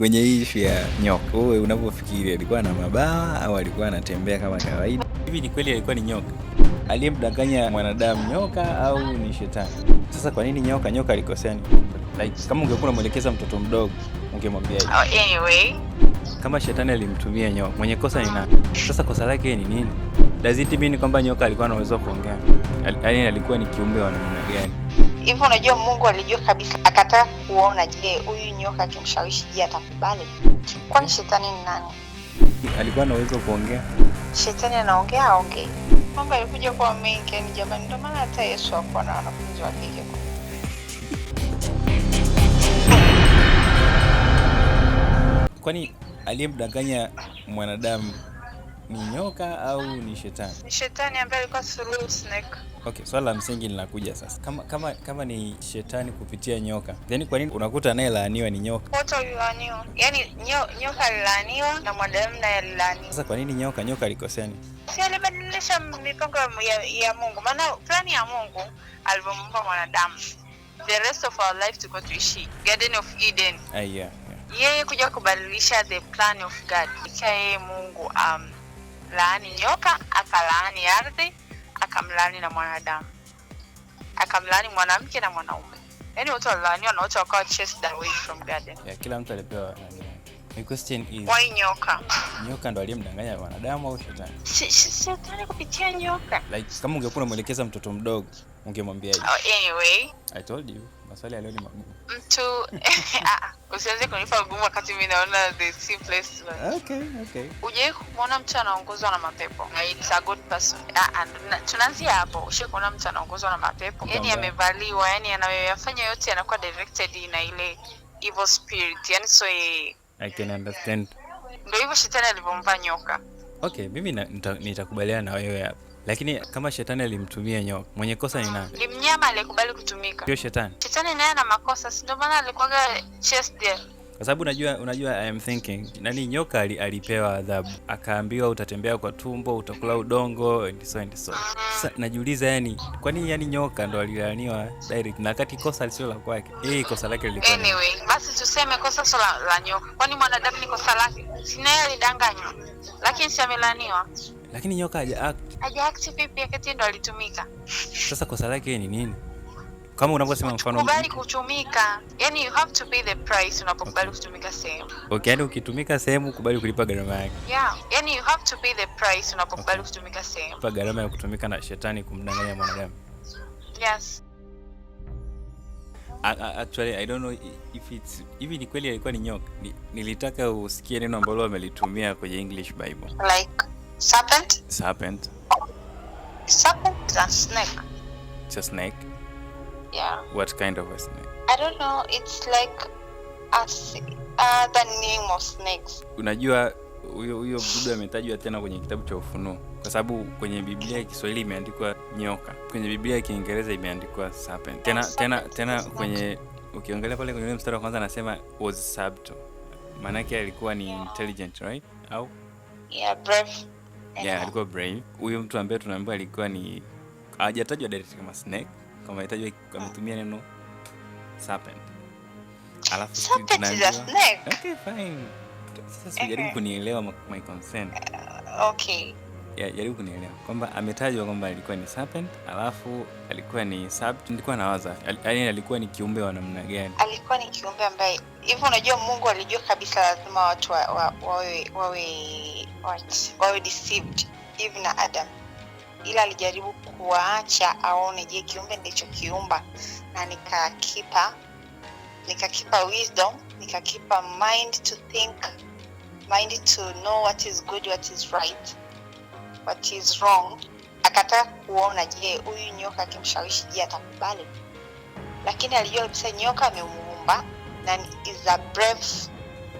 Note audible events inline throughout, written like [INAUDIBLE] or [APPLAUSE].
kwenye ishu ya nyoka. Wewe unavyofikiri alikuwa na mabawa au alikuwa anatembea kama kawaida? Hivi ni kweli alikuwa ni nyoka aliyemdanganya mwanadamu nyoka au ni shetani? Sasa kwa nini nyoka? Nyoka alikosea like, kama ungekuwa unamwelekeza mtoto mdogo ungemwambia oh, anyway. Kama shetani alimtumia nyoka, mwenye kosa ni nani? Sasa kosa lake ni nini? Does it mean kwamba nyoka alikuwa na uwezo wa kuongea? Yaani alikuwa ni kiumbe wa namna gani? hivyo unajua, Mungu alijua kabisa, akataka kuona, je, huyu nyoka akimshawishi, je, atakubali? Kwani shetani ni nani? Alikuwa na uwezo kuongea? Shetani anaongea? Aongee? Mambo yalikuja kuwa mengi, jamani, ndio maana hata Yesu hakuwa na wanafunzi wake hivyo. Kwani aliyemdanganya mwanadamu ni nyoka au ni shetani? Ni shetani ambaye alikuwa through snake. Okay, swala la msingi linakuja sasa. Kama kama kama ni shetani kupitia nyoka, then kwa nini unakuta naye laaniwa ni nyoka? Wote walilaaniwa. Yaani nyo, nyoka alilaaniwa na mwanadamu naye alilaaniwa. Sasa kwa nini nyoka? Nyoka alikoseni? Si alibadilisha mipango ya, ya Mungu. Maana plani ya Mungu alivyomuumba mwanadamu. The rest of our life tuko tuishi Garden of Eden. Ah, yeah, yeah. Yeye kuja kubadilisha the plan of God. Yeye Mungu um, akamlaani nyoka, akalaani ardhi, akamlaani na mwanadamu, akamlaani mwanamke na mwanaume. Yani wote walilaaniwa na wote wakawa chased away from garden. Yeah, kila mtu alipewa eh. My question is, why nyoka? Nyoka ndo aliyemdanganya wanadamu au shetani? Shetani kupitia nyoka. Like kama ungekuwa unamwelekeza mtoto mdogo ungemwambiaje? Oh, anyway, I told you, maswali ya leo ni magumu. Mtu [LAUGHS] ah, ah, usianze kunipa magumu wakati mimi naona the simplest one. Okay, okay. Ah, Uje kuona mtu anaongozwa na mapepo. it's a good person. Tunaanzia hapo. Ushe kuona mtu anaongozwa na mapepo. Yaani amevaliwa, yaani anayoyafanya yote yanakuwa directed na ile evil spirit. Yaani so ye, eh, I can understand. Ndio hivyo shetani alivyompa nyoka. Okay, mimi nitakubaliana na wewe hapa, lakini kama shetani alimtumia nyoka, mwenye kosa ni nani? Ni mnyama aliyekubali kutumika, sio shetani. Shetani naye ana makosa, si ndio maana alikuwa chest there kwa sababu unajua, unajua I am thinking nani, nyoka alipewa adhabu, akaambiwa utatembea kwa tumbo, utakula udongo and so and so. Sasa najiuliza yani, kwa nini yani nyoka ndo alilaniwa direct na kati kosa lisilo la kwake? Eh, kosa lake lilikuwa anyway, basi tuseme kosa sio la, la nyoka. Kwani mwanadamu ni kosa lake? Si naye alidanganywa, lakini si amelaniwa lakini nyoka haja act. Haja act vipi? Akati ndo alitumika. Sasa kosa lake ni nini? kama unavyosema mfano ukubali kutumika, yani you have to pay the price unapokubali kutumika sehemu. Okay, yani ukitumika sehemu ukubali kulipa gharama yake. Yeah, yani you have to pay the price unapokubali kutumika sehemu. Kulipa gharama ya kutumika na shetani kumdanganya mwanadamu. Yes. Actually, I don't know if it's hivi ni kweli alikuwa ni nyoka. Nilitaka usikie neno ambalo wamelitumia kwenye English Bible. Like serpent? Serpent. Serpent a snake. Just snake. Yeah. What kind of a snake? I don't know, it's like a uh, the name of snakes. Unajua huyo huyo mdudu ametajwa tena kwenye kitabu cha Ufunuo kwa sababu kwenye Biblia ya Kiswahili imeandikwa nyoka, kwenye Biblia ya Kiingereza imeandikwa serpent. Tena yeah, tena tena kwenye ukiangalia pale kwenye mstari wa kwanza anasema was subtle, maanake alikuwa ni yeah. intelligent right? au yeah, brave. Yeah, alikuwa brave. Huyo mtu ambaye tunaambia alikuwa ni hajatajwa direct kama snake kwa mahitaji ametumia neno serpent. Alafu okay, fine. Sasa jaribu kunielewa my consent uh, Okay. Yeah, jaribu kunielewa kwamba ametajwa kwamba alikuwa ni serpent, alafu alikuwa ni sub. Nilikuwa nawaza yaani alikuwa ni kiumbe wa namna gani? Alikuwa ni kiumbe ambaye hivyo, unajua Mungu alijua kabisa lazima watu wawe wa, wawe wawe, wawe deceived Eve na Adam, ila alijaribu kuwaacha aone, je, kiumbe ndicho kiumba, na nikakipa nikakipa wisdom nikakipa mind to think mind to know what is good, what is right, what is wrong. Akataka kuona, je, huyu nyoka akimshawishi, je, atakubali? Lakini alijua kabisa nyoka amemuumba na is a brave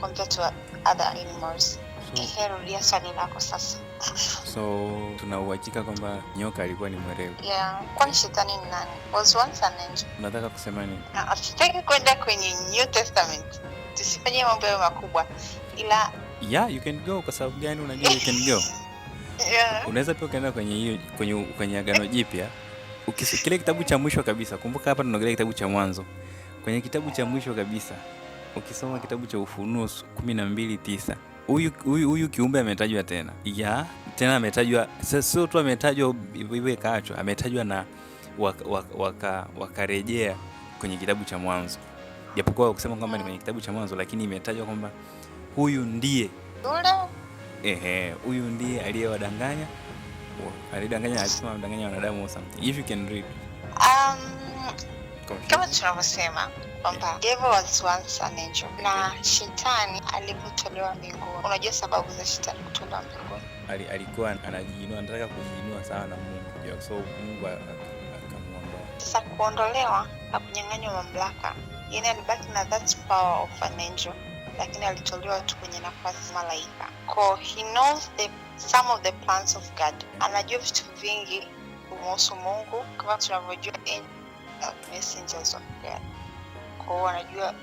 compared to other animals. Ehe, rudia swali lako sasa. [LAUGHS] so tuna uhakika kwamba nyoka alikuwa ni mwerevu. kwani shetani ni nani? Was once an angel. Unataka kusema nini? Hatutaki kwenda kwenye New Testament, tusifanye mambo makubwa, ila yeah you can go. Kwa sababu gani? Unajua you can go [LAUGHS] yeah. Unaweza pia ukaenda kwenye hiyo kwenye kwenye Agano Jipya kile kitabu cha mwisho kabisa. Kumbuka hapa tunaongelea kitabu cha Mwanzo. Kwenye kitabu cha mwisho kabisa, ukisoma kitabu cha Ufunuo 12:9 huyu kiumbe ametajwa tena ya tena ametajwa, sio tu ametajwa hivyo ikaachwa, ametajwa na wakarejea waka, waka kwenye kitabu cha Mwanzo, japokuwa kusema kwamba ni kwenye kitabu cha Mwanzo, lakini imetajwa kwamba huyu ndiye ehe, huyu ndiye aliyewadanganya, alidanganya, alisema amdanganya wanadamu. Something if you can read um, kama tunavyosema kwamba devil was once an angel na shetani alipotolewa mbinguni. Unajua sababu za shetani kutolewa mbinguni, alikuwa anajiinua, anataka kujiinua sana na Mungu, so Mungu akamwondoa. Sasa kuondolewa, hakunyang'anywa mamlaka, yani alibaki na that power of an angel, lakini alitolewa tu kwenye nafasi malaika. Ko, he knows the some of the plans of God, anajua vitu vingi kumuhusu Mungu kama tunavyojua uh, messengers of God, kwao anajua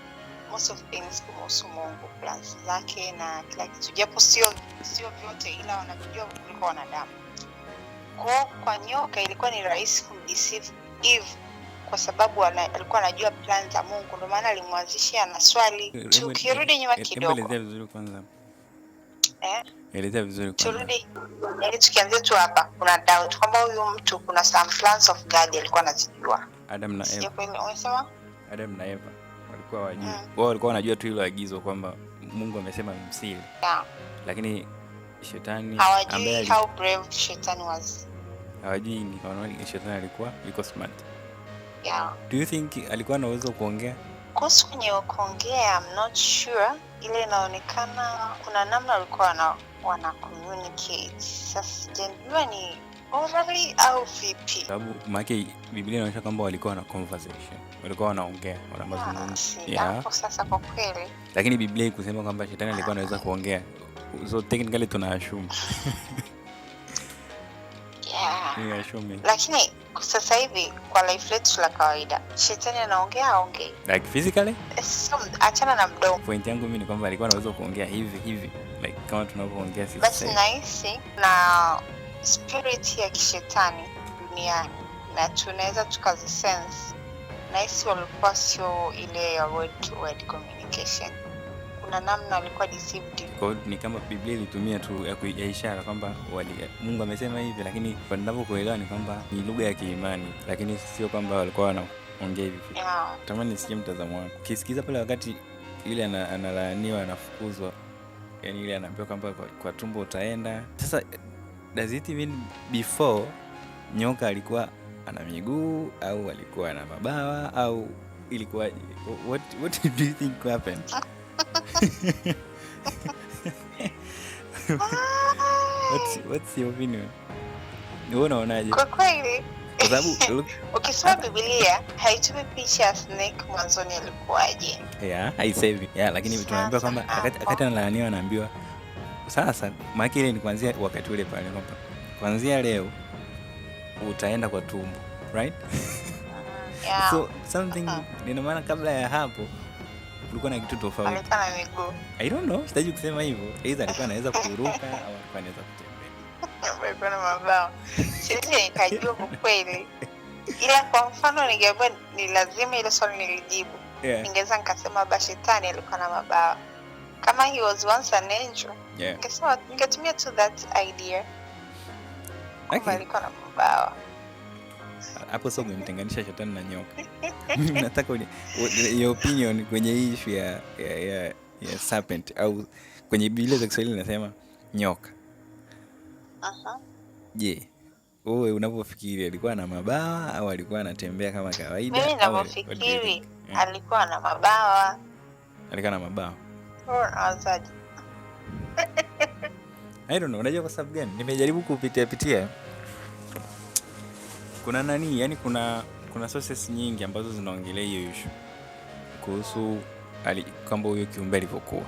most of things kumhusu Mungu, plans zake na kila kitu, japo sio sio vyote, ila wanavijua kuliko wanadamu. Kwa kwa nyoka ilikuwa ni rahisi kumdeceive Eve kwa sababu alikuwa anajua plan za Mungu, ndio maana alimwanzishia na swali. Eh, Tukirudi nyuma kidogo, elezea vizuri eh? turudi yaani tukianzia tu hapa, kuna doubt kwamba huyu mtu kuna some plans of God alikuwa anazijua Adam na Eva. Adam na Eva walikuwa wajui mm. Wao walikuwa wanajua tu hilo agizo kwamba Mungu amesema msili yeah. Lakini shetani ambaye how brave shetani hawajui wanaona shetani alikuwa yuko smart yeah. Do you think alikuwa na uwezo kuongea? Kuhusu kwenye kuongea, I'm not sure, ile inaonekana kuna namna walikuwa wana communicate. Sasa sijajua ni Orally au vipi? Sababu maake Biblia inaonyesha kwamba walikuwa na conversation, walikuwa wanaongea, wana mazungumzo. Ah, hapo sasa kwa kweli. Lakini Biblia ikusema kwamba shetani alikuwa anaweza kuongea. So technically tuna assume. [LAUGHS] Yeah. Lakini sasa hivi kwa life letu la kawaida, shetani anaongea aongee. Like physically? Eh, so, achana na mdomo. Point yangu mimi ni kwamba alikuwa anaweza kuongea hivi hivi like kama tunavyoongea sisi. Basi na spirit ya kishetani duniani na tunaweza tukazisense, na hisi walikuwa sio ile ya word to word communication. Kuna namna walikuwa deceived. Kwa ni kama Biblia ilitumia tu ya ishara kwamba Mungu amesema hivi, lakini ninavyokuelewa ni kwamba ni lugha ya kiimani, lakini sio kwamba walikuwa wanaongea hivi. Yeah. Tamani nisikie mtazamo wako ukisikiza pale wakati yule analaaniwa, anafukuzwa, yani yule anaambiwa kwamba kwa, kwa tumbo utaenda sasa does it mean before nyoka alikuwa ana miguu au alikuwa ana mabawa au ilikuwa What, what [LAUGHS] do you think happened? [LAUGHS] what, what's your opinion? Wewe unaonaje? Kwa kweli kwa sababu [LAUGHS] ukisoma Biblia haitumi picha snake mwanzoni alikuwaje? Yeah, haisemi. Yeah, lakini tunaambiwa kwamba akati analaaniwa anaambiwa sasa maana ile ni kuanzia wakati ule pale kwamba kuanzia leo utaenda kwa tumbo, right? [LAUGHS] Yeah. So something uh-huh. nina maana kabla ya hapo kulikuwa na kitu tofauti. na I don't know, sitaji kusema hivyo. aidha alikuwa anaweza [LAUGHS] kuruka au alikuwa anaweza kutembea. na mabao. Siwezi nikajua kwa kweli. Ila kwa mfano ningeambiwa ni lazima ile swali nilijibu. Yeah. Ningeweza nikasema Bashetani alikuwa na mabawa kama he was once an angel yeah. Ningesema ningetumia tu that idea okay. Alikuwa hapo sa umemtenganisha shetani na nyoka. [LAUGHS] Nataka your opinion kwenye hii ishu ya, ya, ya, ya serpent au kwenye bibilia za Kiswahili inasema nyoka. Aha. Je, uwe unavyofikiri alikuwa na mabawa au alikuwa anatembea kama kawaida? Mimi ninapofikiri alikuwa na mabawa. Alikuwa na mabawa. Wauzaji I don't know, unajua kwa sababu gani? Nimejaribu kupitia pitia, kuna nani, yani kuna kuna sources nyingi ambazo zinaongelea hiyo ishu kuhusu kwamba huyo kiumbe alivyokuwa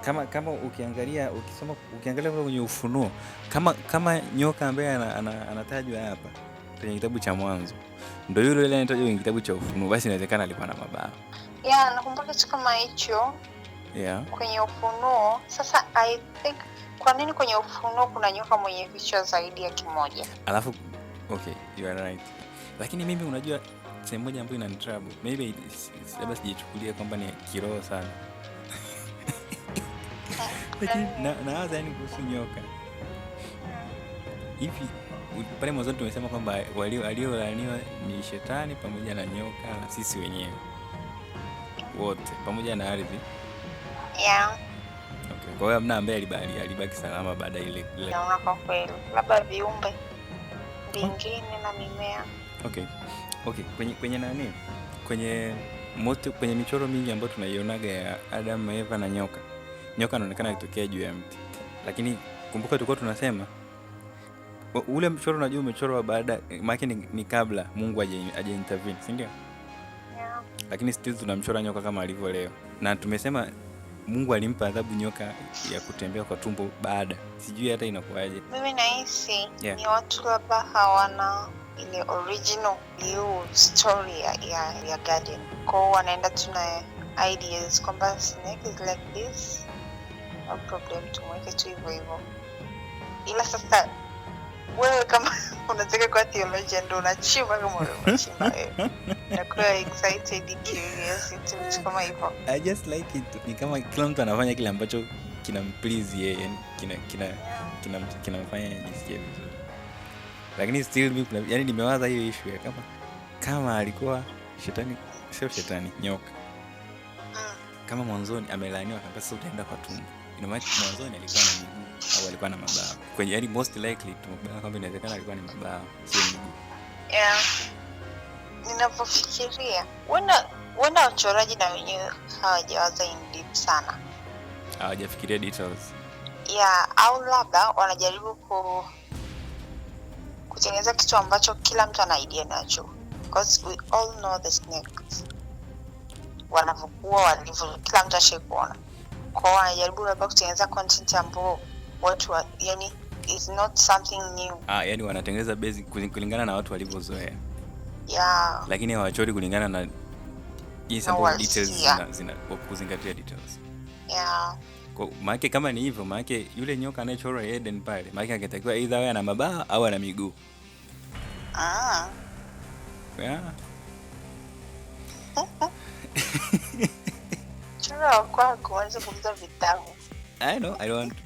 kama kama ukiangalia ukisoma ukiangalia kwenye Ufunuo kama kama nyoka ambaye anatajwa hapa kwenye kitabu cha Mwanzo ndo yule ile anatajwa kwenye kitabu cha Ufunuo, basi inawezekana alikuwa na mabaa Yeah, nakumbuka kitu kama hicho yeah. kwenye Ufunuo sasa I think kwa nini kwenye Ufunuo kuna nyoka mwenye vichwa zaidi ya kimoja? Alafu okay, you are right, lakini mimi unajua sehemu moja ambayo ina trouble maybe labda sijichukulia kwamba ni kiroho sana [LAUGHS] nawaza yani kuhusu nyoka hivi pale mwanzoni tumesema kwamba aliolaaniwa ni shetani pamoja na nyoka na sisi wenyewe wote pamoja na ardhi Yeah. Okay. Kwa hiyo hamna ambaye alibaki alibaki salama baada ile ile. Naona kwa kweli labda viumbe vingine na mimea. Okay. Okay, kwenye kwenye nani? Kwenye moto kwenye michoro mingi ambayo tunaionaga ya Adam, na Eva na nyoka. Nyoka anaonekana akitokea juu ya mti. Lakini kumbuka tulikuwa tunasema ule mchoro unajua umechorwa baada maana ni, ni kabla Mungu aje aje intervene, si ndio? Yeah. Lakini still tunamchora nyoka kama alivyo leo. Na tumesema Mungu alimpa adhabu nyoka ya kutembea kwa tumbo baada, sijui hata inakuwaje. Mimi nahisi yeah, ni watu labda hawana ile original view story ya, ya, ya garden kwao, wanaenda tu na ideas kwamba snake is like this, no problem, tumweke tu hivyo hivyo, ila sasa wewe kama [LAUGHS] unataka kuwa theologian ndo unachimba kama unachimba Nakuwa excited curiosity kama hivyo. I just like it. Ni kama kila mtu anafanya kile ambacho kinamplizi yeye, yani kina kina yeah. kinamfanya ajisikie vizuri. Lakini still mimi yani nimewaza hiyo issue ya kama kama alikuwa shetani sio shetani nyoka. Mm. Kama mwanzoni amelaaniwa kabisa utaenda kwa tumbo. Ina maana mwanzoni alikuwa na miguu alikuwa na mabao kwenye, yani most likely tumekubaliana kwamba inawezekana alikuwa ni mabao, sio miguu. Yeah, ninapofikiria huenda wachoraji na wenyewe hawajawaza in deep sana, hawajafikiria details yeah, au labda wanajaribu ku kutengeneza kitu ambacho kila mtu ana idea nacho, because we all know the snakes wanavyokuwa walivyo, kila mtu ashaikuona kwao, wanajaribu labda kutengeneza content ambao watu wa, yani is not something new. Ah, yani wanatengeneza bezi kulingana na watu walivyozoea. Yeah. Lakini hawachori kulingana na jinsi ambavyo details zina, zina kuzingatia details. Yeah. Kwa maana kama ni hivyo, maana yule nyoka anayechora Eden pale, maana angetakiwa either awe ana mabawa au ana miguu. Ah. Yeah. [LAUGHS] Chora kwako, unaweza kuuza vitabu. I know, I don't want